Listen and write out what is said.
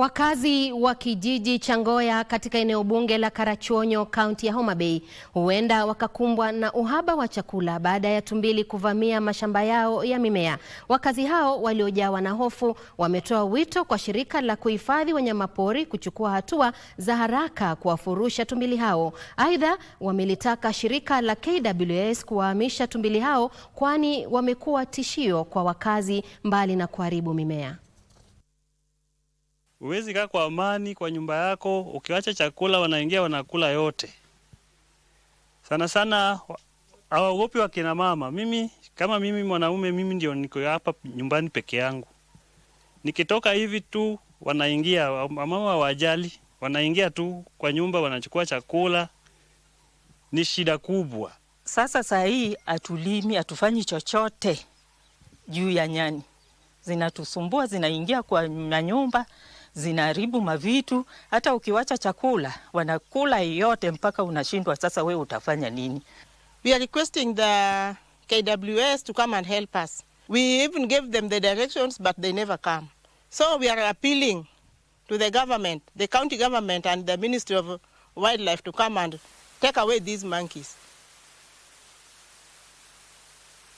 Wakazi wa kijiji cha Ngoya katika eneo bunge la Karachuonyo kaunti ya Homa Bay huenda wakakumbwa na uhaba wa chakula baada ya tumbili kuvamia mashamba yao ya mimea. Wakazi hao waliojawa na hofu wametoa wito kwa shirika la kuhifadhi wanyamapori kuchukua hatua za haraka kuwafurusha tumbili hao. Aidha, wamelitaka shirika la KWS kuwahamisha tumbili hao kwani wamekuwa tishio kwa wakazi mbali na kuharibu mimea. Uwezi kaa kwa amani kwa nyumba yako, ukiwacha chakula wanaingia wanakula yote. Sana sana hawaogopi wakina mama. Mimi kama mimi mwanaume, mimi ndio niko hapa nyumbani peke yangu, nikitoka hivi tu wanaingia. Wamama hawajali, wanaingia tu kwa nyumba wanachukua chakula. Ni shida kubwa. Sasa saa hii hatulimi, hatufanyi chochote juu ya nyani, zinatusumbua, zinaingia kwa manyumba zinaharibu mavitu. Hata ukiwacha chakula wanakula yote mpaka unashindwa sasa, we utafanya nini? We are requesting the KWS to come and help us. We even gave them the directions but they never come. So we are appealing to the government, the county government and the Ministry of Wildlife to come and take away these monkeys.